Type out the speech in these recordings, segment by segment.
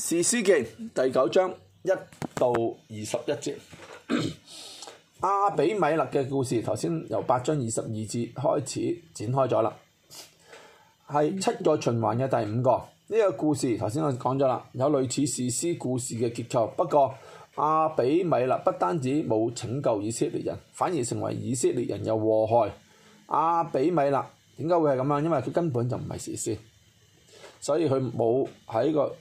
《士師記》第九章一到二十一節， 阿比米勒嘅故事頭先由八章二十二節開始展開咗啦，係七個循環嘅第五個。呢、這個故事頭先我講咗啦，有類似士師故事嘅結構，不過阿比米勒不單止冇拯救以色列人，反而成為以色列人嘅禍害。阿比米勒點解會係咁樣？因為佢根本就唔係士師，所以佢冇喺個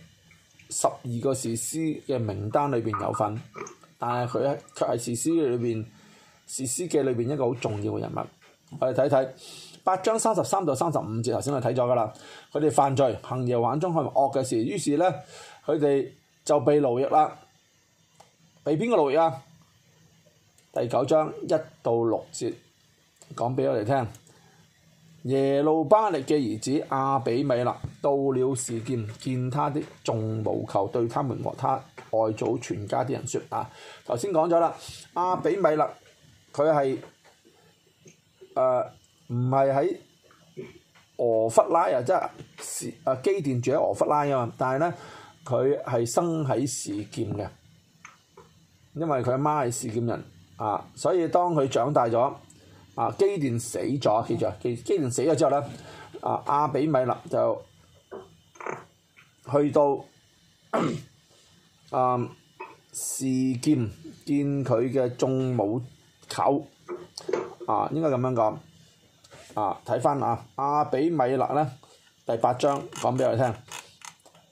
十二個士師嘅名單裏邊有份，但係佢咧卻係士師嘅裏邊，士師嘅裏邊一個好重要嘅人物。我哋睇睇八章三十三到三十五節，頭先我哋睇咗㗎啦。佢哋犯罪，行夜玩中去惡嘅事，於是咧佢哋就被勞役啦。被邊個勞役啊？第九章一到六節講俾我哋聽。耶路巴力嘅兒子亞比米勒到了示劍，見他啲眾母舅，對他們和他外祖全家啲人説啊。頭先講咗啦，亞比米勒佢係誒唔係喺俄弗拉啊，即係啊基甸住喺俄弗拉啊嘛，但係咧佢係生喺示劍嘅，因為佢阿媽係示劍人啊，所以當佢長大咗。啊，基甸死咗，記住啊！基基甸死咗之後咧，啊，亞比米勒就去到啊示劍，見佢嘅眾母舅啊，應該咁樣講啊，睇翻啊，亞比米勒咧第八章講俾我哋聽，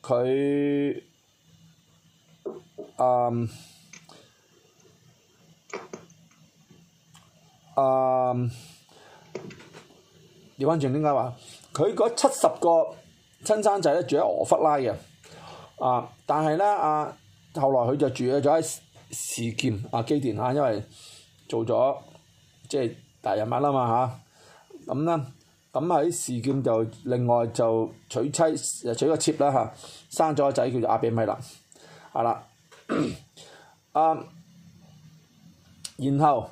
佢嗯。啊！調翻轉，點解話佢嗰七十個親生仔咧住喺俄弗拉嘅，啊！但係咧啊，後來佢就住喺咗喺示劍啊基甸啦、啊，因為做咗即係大人物啦嘛嚇。咁、啊、咧，咁喺示劍就另外就娶妻，就娶個妾啦嚇、啊，生咗個仔叫做亞比米勒，係、啊、啦。啊，然後。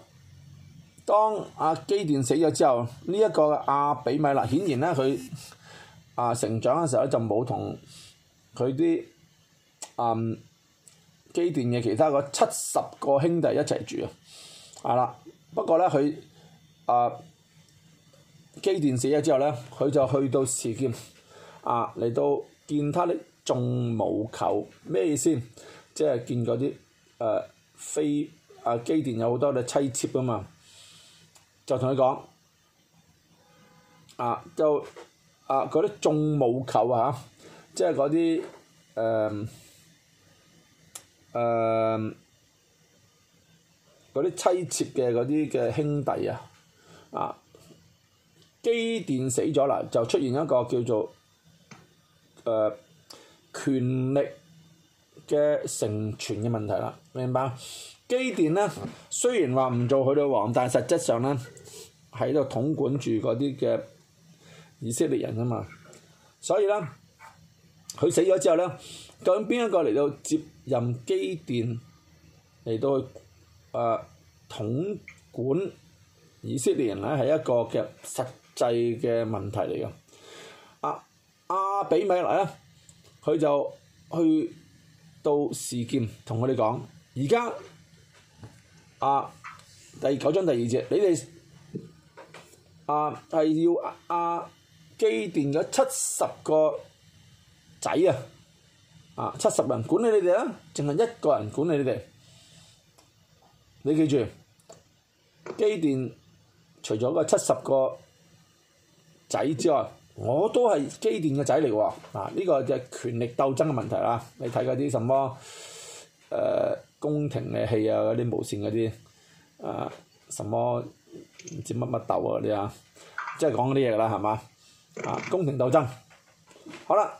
當阿基甸死咗之後，呢、這、一個阿比米勒顯然咧佢啊成長嘅時候咧，就冇同佢啲啊基甸嘅其他個七十個兄弟一齊住啊，係啦。不過咧佢啊基甸死咗之後咧，佢就去到示劍啊嚟到見他的眾母舅咩先，即係見嗰啲誒非啊基甸有好多嘅妻妾啊嘛。就同佢講，啊就啊嗰啲眾母舅啊，即係嗰啲誒誒啲妻妾嘅嗰啲嘅兄弟啊，啊基甸死咗啦，就出現一個叫做誒、啊、權力嘅承傳嘅問題啦，明白？基甸咧雖然話唔做佢哋王，但係實質上咧喺度統管住嗰啲嘅以色列人啊嘛，所以咧佢死咗之後咧，究竟邊一個嚟到接任基甸嚟到誒、呃、統管以色列人咧，係一個嘅實際嘅問題嚟嘅。阿阿比米勒咧，佢就去到示劍同佢哋講，而家。啊，第九章第二節，你哋啊係要啊基甸嘅七十個仔啊，啊七十人管理你哋啊，淨係一個人管理你哋。你記住，基甸除咗個七十個仔之外，我都係基甸嘅仔嚟喎。啊，呢、這個就係權力鬥爭嘅問題啦、啊。你睇嗰啲什麼誒？呃宮廷嘅戲啊，嗰啲無線嗰啲，啊、呃，什麼唔知乜乜鬥啊啲啊，即係講嗰啲嘢啦，係嘛？啊，宮廷鬥爭，好啦，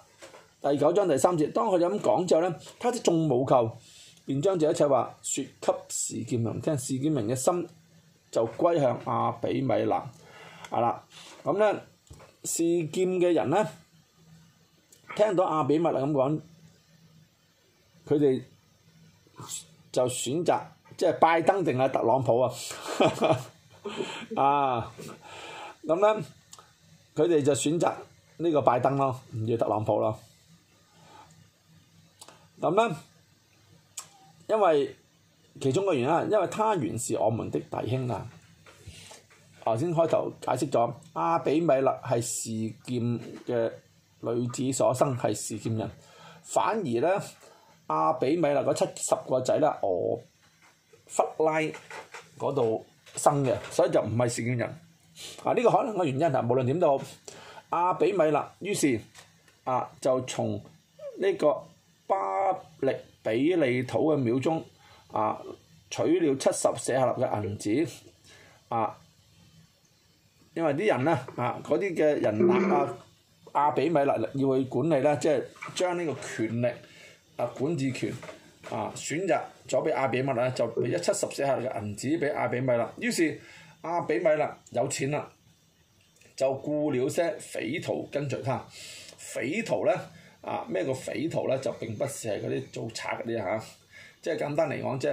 第九章第三節，當佢咁講之後咧，他啲眾母舅，便將這一切話説給示劍人聽，示劍人嘅心就歸向亞比米勒，係啦，咁咧，示劍嘅人咧，聽到亞比米勒咁講，佢哋，就選擇即係拜登定係特朗普啊， 啊咁咧，佢哋就選擇呢個拜登咯，唔要特朗普咯。咁咧，因為其中個原因，因為他原是我們的弟兄啊。頭先開頭解釋咗，阿比米勒係示劍嘅女子所生，係示劍人，反而咧。阿比米勒嗰七十個仔啦，俄弗拉嗰度生嘅，所以就唔係示劍人。啊，呢、呢個可能嘅原因啊，無論點都好，阿比米勒於是啊就從呢個巴力比利土嘅廟中啊取了七十舍客勒嘅銀子啊，因為啲人咧啊，嗰啲嘅人阿比米勒要去管理咧，即係將呢個權力。啊，管治權啊，選擇咗俾亞比米勒，就一七十四克嘅銀子俾亞比米勒。於是亞比米勒有錢啦，就雇了些匪徒跟隨他，啊。匪徒咧啊，咩個匪徒咧就並不是係嗰啲做賊嗰啲嚇，即係簡單嚟講，即係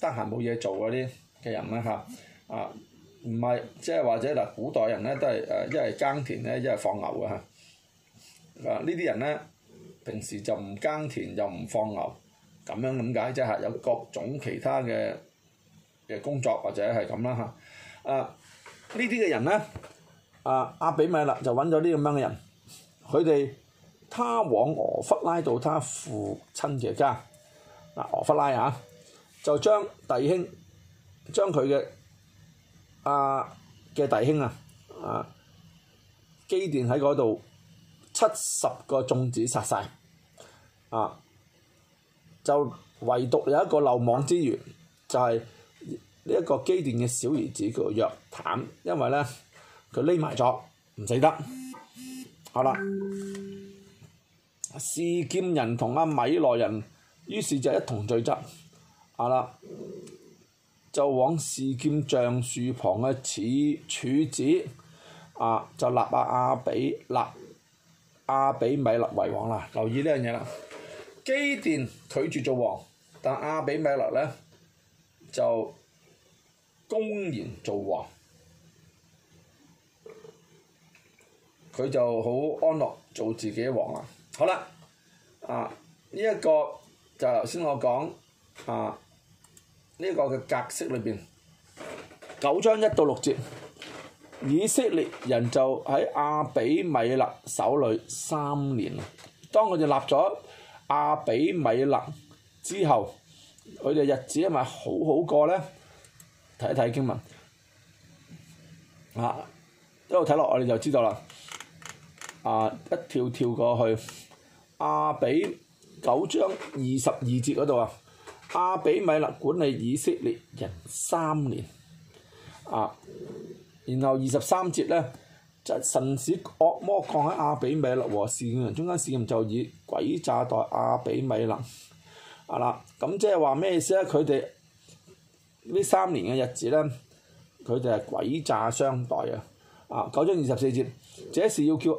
得閒冇嘢做嗰啲嘅人啦嚇。啊，唔係即係或者嗱，古代人咧都係誒一係耕田咧，一係放牛啊。啊，呢啲人咧。平時就唔耕田又唔放牛。咁樣點解即係有各種其他嘅嘅工作或者係咁啦嚇，啊呢啲嘅人咧，啊阿比米勒就揾咗呢咁樣嘅人，佢哋他往俄弗拉到他父親嘅家，嗱、啊、俄弗拉啊，就將弟兄將佢嘅啊嘅弟兄啊啊基甸喺嗰度，七十個眾子殺晒，啊！就唯獨有一個漏網之魚，就係呢一個基甸嘅小兒子叫約坦，因為咧佢匿埋咗唔死得，好啦。示劍人同阿米羅人於是就一同聚集，好啦！就往示劍橡樹旁嘅柱柱子，啊就立阿亞比立。啊亞比米勒為王啦，留意呢樣嘢啦。基甸拒絕做王，但亞比米勒咧就公然做王，佢就好安樂做自己嘅王啊！好啦，啊呢一個就頭先我講，啊呢一個嘅格式裏邊，九章一到六節。以色列人就喺亞比米勒手裏三年。當佢哋立咗亞比米勒之後，佢哋日子係咪好好過呢？睇一睇經文啊，一路睇落我哋就知道啦，啊。一跳跳過去，亞比九章二十二節嗰度啊，亞比米勒管理以色列人三年，啊然後二十三節咧，即神使惡魔降喺亞比米勒和示劍人中間，示劍就以詭詐待亞比米勒啊啦！咁即係話咩意思咧？佢哋呢三年嘅日子咧，佢哋係詭詐相待。啊！啊，九章二十四節，這是，這是這要叫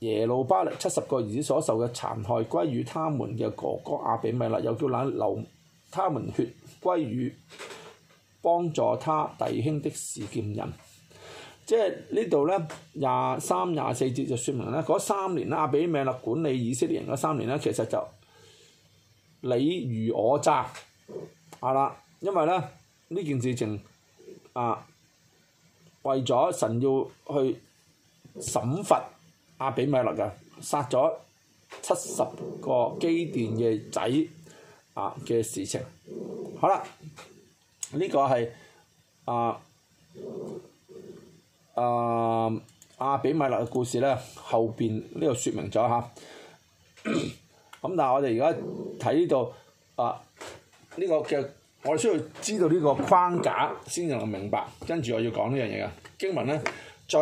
耶路巴勒七十個兒子所受嘅殘害歸與他們嘅哥哥亞比米勒，又叫攬流他們血歸與幫助他弟兄的示劍人。即係呢度咧，廿三廿四節就説明咧，嗰三年咧，亞比米勒管理以色列人嗰三年咧，其實就你虞我詐係啦，因為咧呢件事情啊，為咗神要去審罰亞比米勒嘅，殺咗七十個基甸嘅仔啊嘅事情，好啦，呢、這個係啊。誒阿，啊，比米勒嘅故事咧，後邊呢度説明咗吓。咁但係我哋而家睇呢度啊，呢，啊這個嘅我哋需要知道呢個框架先至能明白，跟住我要講呢樣嘢。啊經文咧最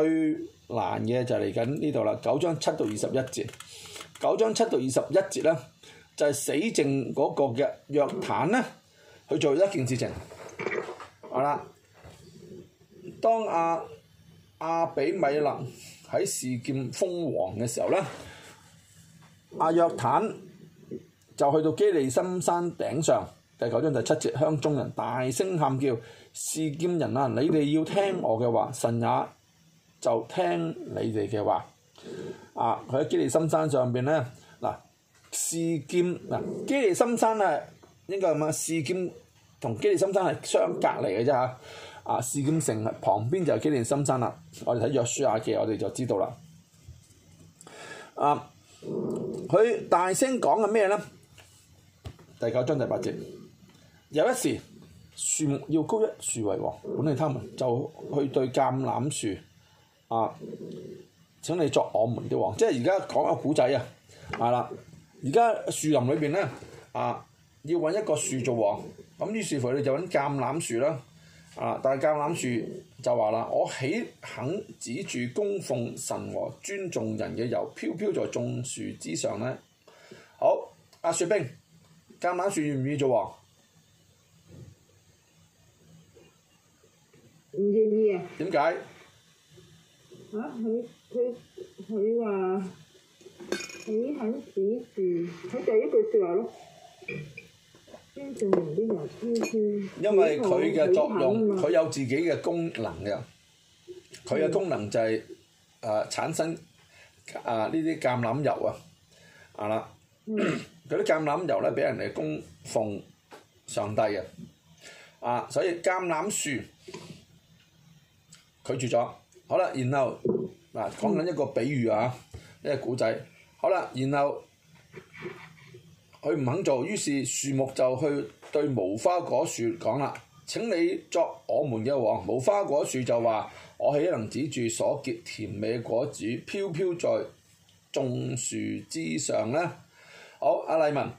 難嘅就嚟緊呢度啦，九章七到二十一節，九章七到二十一節咧就係，是，死剩嗰個嘅約坦咧去做一件事情，好啦，當阿，啊亞比米勒喺示劍封王嘅時候咧，亞約坦就去到基利心山頂上，第九章第七節鄉中人大聲喊叫：示劍人啊，你哋要聽我嘅話，神也就聽你哋嘅話。啊，佢喺基利心山上邊咧，嗱示劍嗱基利心山啊，應該點啊？示劍同基利心山係相隔離嘅啫嚇。啊！示劍城旁邊就係基利心山啦。我哋睇約書亞記，我哋就知道啦。啊，佢大聲講緊咩咧？第九章第八節，有一時樹木要膏一樹為王，管理他們，就去對橄欖樹啊！請你作我們的王。即係而家講緊古仔啊，係啦。而家樹林裏邊咧啊，要揾一個樹做王，咁於是乎你就揾橄欖樹啦。啊！但係橄欖樹就話啦，我豈肯止住供奉神和尊重人嘅油，飄飄在眾樹之上呢。好，阿、啊、雪冰，橄欖樹願唔願意做王？唔願意啊！點解？嚇、啊！佢佢佢話豈肯止住，佢第一句説話咯。因為佢嘅作用，佢有自己嘅功能嘅。佢嘅功能就係、是、誒、呃、產生誒呢啲橄欖油啊，啊啦、嗯，佢啲橄欖油咧俾人哋供奉上帝嘅。啊，所以橄欖樹拒絕咗。好啦，然後嗱講緊一個比喻啊，呢、這個故仔。好啦，然後。佢唔肯做，於是樹木就去對無花果樹講啦：請你作我們嘅王。無花果樹就話：我豈能止住所結甜美的果子，飄飄在種樹之上啦。好，阿麗文，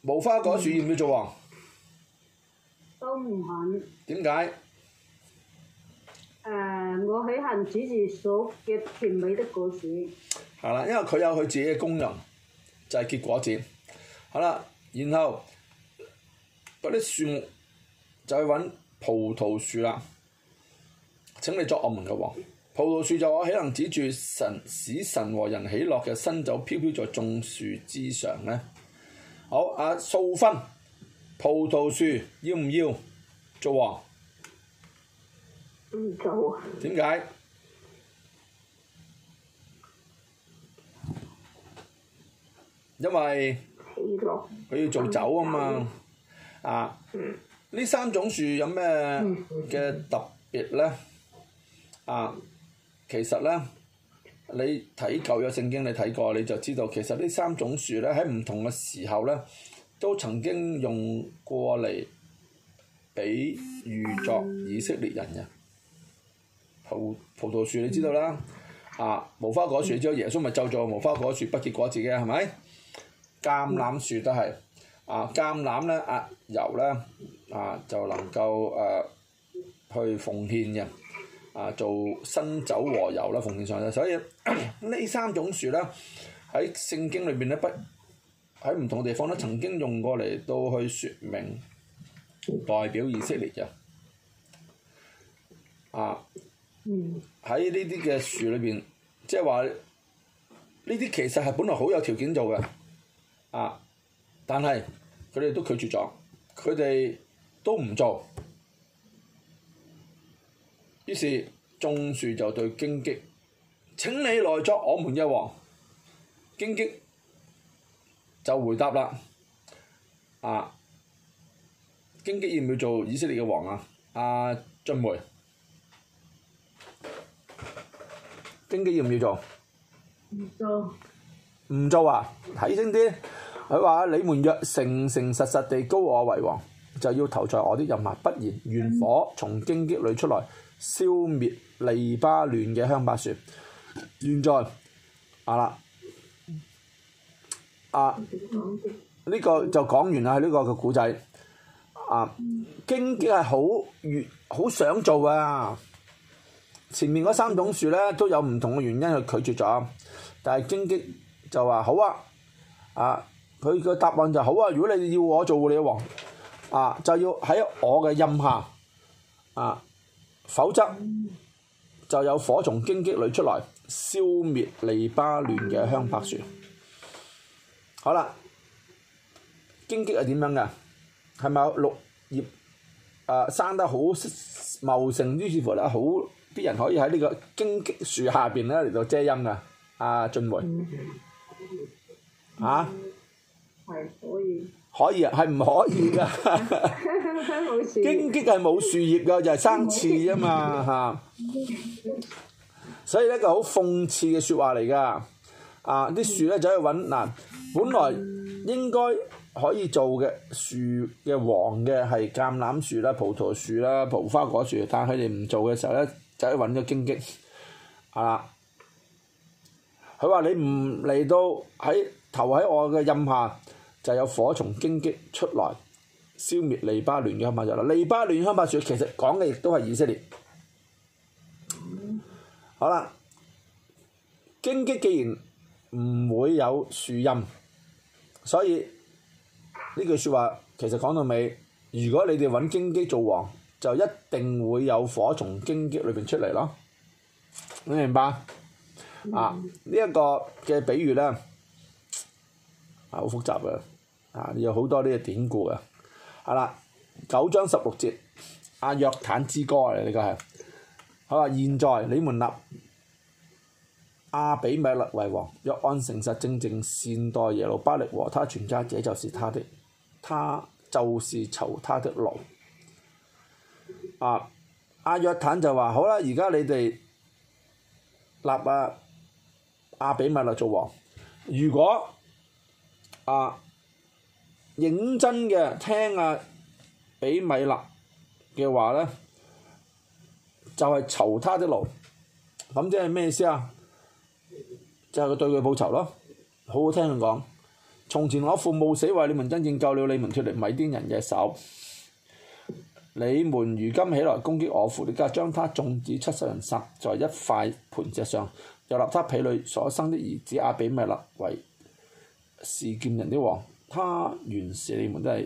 無花果樹要唔要做王？都唔肯。點解？誒，uh, 我豈能止住所結甜美的果子。係啦，因為佢有佢自己嘅功能，就係、是、結果子。好啦，然後嗰啲樹木就去揾葡萄樹啦。請你作我們嘅王。葡萄樹就話：豈能止住神使神和人喜樂嘅新酒，飄飄在種樹之上呢？好，阿、啊、素芬，葡萄樹要唔要做王？唔做。點解？因為。佢要做酒啊嘛，嗯、啊，呢、嗯、三種樹有咩嘅特別咧？啊，其實咧，你睇舊約聖經，你睇過你就知道，其實呢三種樹咧喺唔同嘅時候咧，都曾經用過嚟比喻作以色列人嘅葡、嗯、葡萄樹，你知道啦。嗯、啊，無花果樹，嗯、你知道耶穌咪咒咗無花果樹不結果子嘅，係咪？橄欖樹都係。啊，橄欖咧，啊，油咧，啊，就能夠誒、啊、去奉獻嘅。啊，做新酒和油啦，奉獻上咧，所以呢 三種樹咧喺聖經裏邊咧，不喺唔同地方咧，曾經用過嚟到去説明代表以色列嘅。啊，喺呢啲嘅樹裏邊，即係話呢啲其實係本來好有條件做嘅。啊！但係佢哋都拒絕咗，佢哋都唔做。於是眾樹就對荊棘：請你來作我們嘅王。荊棘就回答啦：啊！荊棘要唔要做以色列嘅王啊？啊，俊梅，荊棘要唔要做？唔做。唔做啊！睇清啲。佢話：你們若誠誠實實地膏我為王，就要投在我的蔭下，不然願火從荊棘裏出來，消滅黎巴嫩嘅香柏樹。現在啊啦，啊，呢、啊這個就講完啦。呢個嘅古仔啊，荊棘係好願，好想做的啊。前面嗰三種樹咧都有唔同嘅原因去拒絕咗，但係荊棘就話好啊，啊！佢個答案就是，好啊！如果你要我做你嘅王，啊就要喺我嘅陰下，啊，否則就有火從荊棘裏出來，消滅黎巴嫩嘅香柏樹。好啦，荊棘係點樣嘅？係咪綠葉啊生得好茂盛？於是乎咧，好啲人可以喺呢個荊棘樹下邊咧嚟到遮陰噶。啊，進回，啊。係可以，可以啊，係唔可以噶，荊棘係冇樹葉噶，就係生刺啫嘛嚇。所以咧，個好諷刺嘅説話嚟㗎，啊啲樹咧就去揾嗱，本來應該可以做嘅樹嘅黃嘅係橄欖樹啦、葡萄樹啦、蒲花果樹，但係佢哋唔做嘅時候咧，就去揾個荊棘，係啦。佢話你唔嚟到喺投喺我嘅陰下。就有火從荊棘出來，消滅黎巴嫩嘅香柏樹啦。黎巴嫩嘅香柏樹，其實講嘅亦都係以色列。嗯、好啦，荊棘既然唔會有樹蔭，所以呢句説話其實講到尾，如果你哋揾荊棘做王，就一定會有火從荊棘裏邊出嚟咯。你明白？嗯、啊，呢、這、一個嘅比喻咧，係好複雜嘅。啊、有好多呢嘅典故嘅，係、啊、啦，九章十六節，阿、啊、約坦之歌嚟，呢個係，好啊！現在你們立阿比米勒為王，若按誠實正正善待耶路巴力和他全家，這就是他的，他就是酬他的勞。啊！阿、啊、約坦就話：好啦，而家你哋立阿阿比米勒做王，如果啊，認真嘅聽啊，比米勒嘅話咧，就係、是、酬他的勞，咁即係咩意思啊？就係、是、佢對佢報酬咯。好好聽佢講，從前我父冒死為你們真正救了你們脱離米甸人嘅手，你們如今起來攻擊我父，你家將他眾子七十人殺在一塊磐石上，又立他婢女所生的兒子阿、啊、比米勒為示劍人的王。他原你是你們的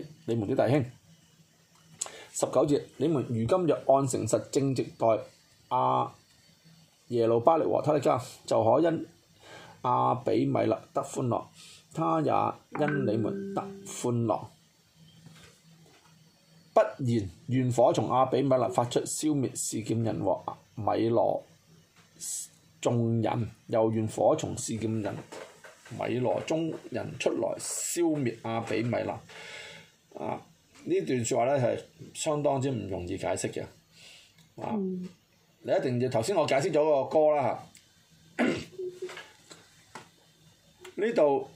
弟兄，十九節，你們如今若按誠實正直待阿、啊、耶路巴力和他利家，就可因亞比米勒得歡樂，他也因你們得歡樂。不然，願火從亞比米勒發出，消滅事件人和米羅眾人，又願火從事件人。米羅中人出來消滅阿比米勒，啊，呢段説話咧係相當之唔容易解釋嘅。啊、嗯、你一定要頭先我解釋咗個歌啦，嚇，呢、啊、度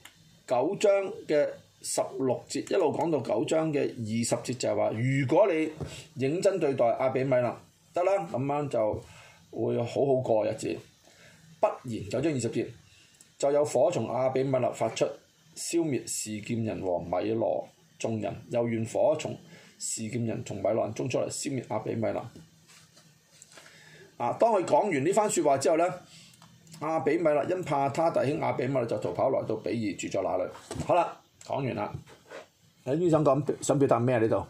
九章嘅十六節一路講到九章嘅二十節就係話，如果你認真對待阿比米勒，得啦，咁樣就會好好過日子，不然九章二十節。就有火從亞比米勒發出，消滅示劍人和米羅眾人；又怨火從示劍人從米羅人中出嚟，消滅亞比米勒。啊！當佢講完呢番説話之後咧，亞比米勒因怕他弟兄亞比米勒就逃跑來到比珥住咗那裏。好啦，講完啦。有啲想講想表達咩啊？呢度，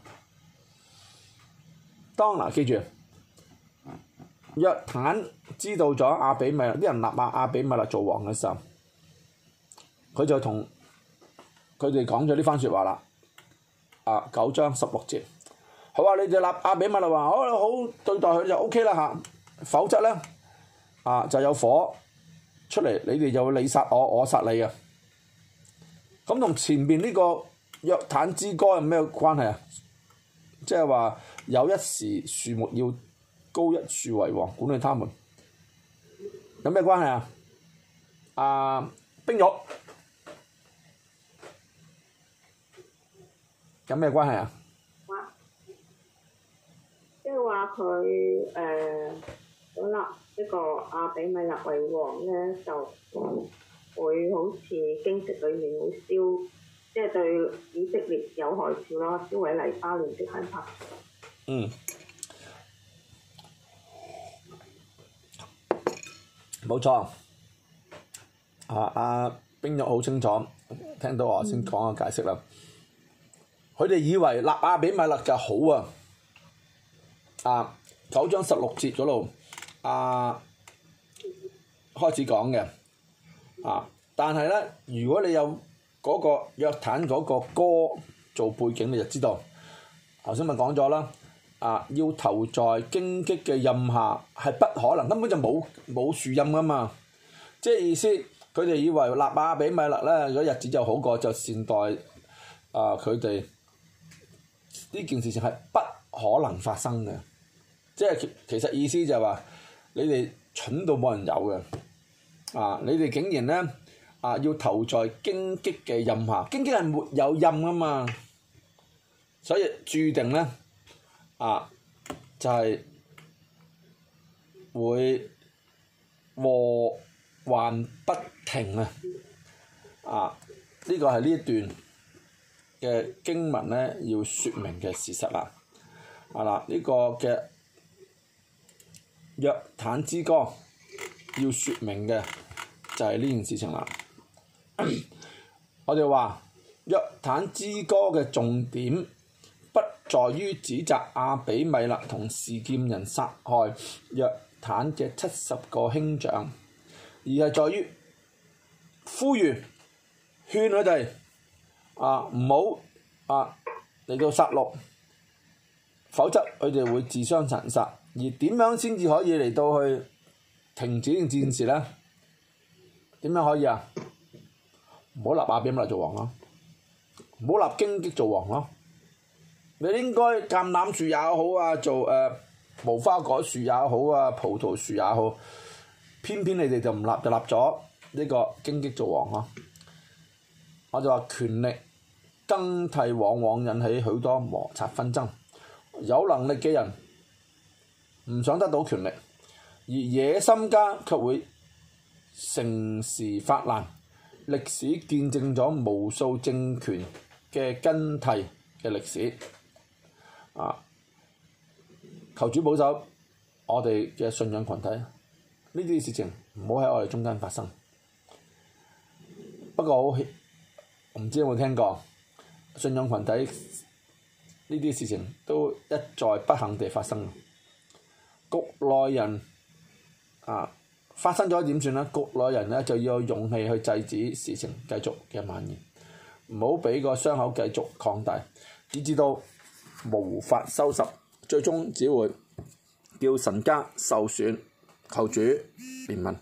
當嗱記住，約坦知道咗亞比米勒啲人立亞亞比米勒做王嘅時候。佢就同佢哋講咗呢番説話啦，啊九章十六節，好啊！你哋立亞比米勒話：，好，好對待佢就 O K 啦嚇，否則咧，啊就有火出嚟，你哋就會你殺我，我殺你啊！咁、啊、同前面呢個約坦之歌有咩關係啊？即係話有一時樹木要膏一樹為王，管理他們有咩關係啊？啊，冰玉。有咩關係啊？即係話佢誒，咁、呃、啦，呢個阿比米勒為王咧，就會好似經濟裏面會燒，即、就、係、是、對以色列有害處啦，燒毀黎巴嫩嘅坦克。拍嗯。冇錯。啊啊，冰玉好清楚，聽到我、嗯、先講個解釋啦。佢哋以為立亞比米勒就好啊！啊，九章十六節嗰度啊開始講嘅啊，但係咧，如果你有嗰個約坦嗰個歌做背景，你就知道。頭先咪講咗啦，啊要投在荊棘嘅陰下係不可能，根本就冇冇樹陰啊嘛！即係意思，佢哋以為立亞比米勒咧，個日子就好過，就善待啊佢哋。他們呢件事情係不可能發生嘅，即係其實意思就係、是、話你哋蠢到冇人有嘅，啊！你哋竟然咧啊要投在荊棘嘅蔭下，荊棘係沒有蔭啊嘛，所以註定咧啊就係、是、會禍患不停。啊！啊，呢、這個係呢一段。嘅經文咧，要説明嘅事實啦，啊嗱，呢、這個嘅約坦之歌要説明嘅就係、是、呢件事情啦。 我哋話約坦之歌嘅重點不在於指責亞比米勒同示劍人殺害約坦嘅七十個兄長，而係在於呼籲勸佢哋。啊，唔好啊嚟到殺戮，否則佢哋會自相殘殺。而點樣先至可以嚟到去停止戰事呢件事咧？點樣可以啊？唔好立亞比米勒嚟做王咯、啊，唔好立荊棘做王咯、啊。你應該橄欖樹也好啊，做誒呃、無花果樹也好啊，葡萄樹也好，偏偏你哋就唔立，就立咗呢個荊棘做王咯、啊。我就話權力。更替往往引起許多摩擦紛爭，有能力嘅人唔想得到權力，而野心家卻會乘時發難。歷史見證咗無數政權嘅更替嘅歷史，啊！求主保守我哋嘅信仰羣體，呢啲事情唔好喺我哋中間發生。不過，我唔知有冇聽過。信仰群體呢啲事情都一再不幸地發生，局內人啊發生咗點算咧？局內人咧就要有勇氣去制止事情繼續嘅蔓延，唔好俾個傷口繼續擴大，以致到無法收拾，最終只會叫神家受損，求主憐憫。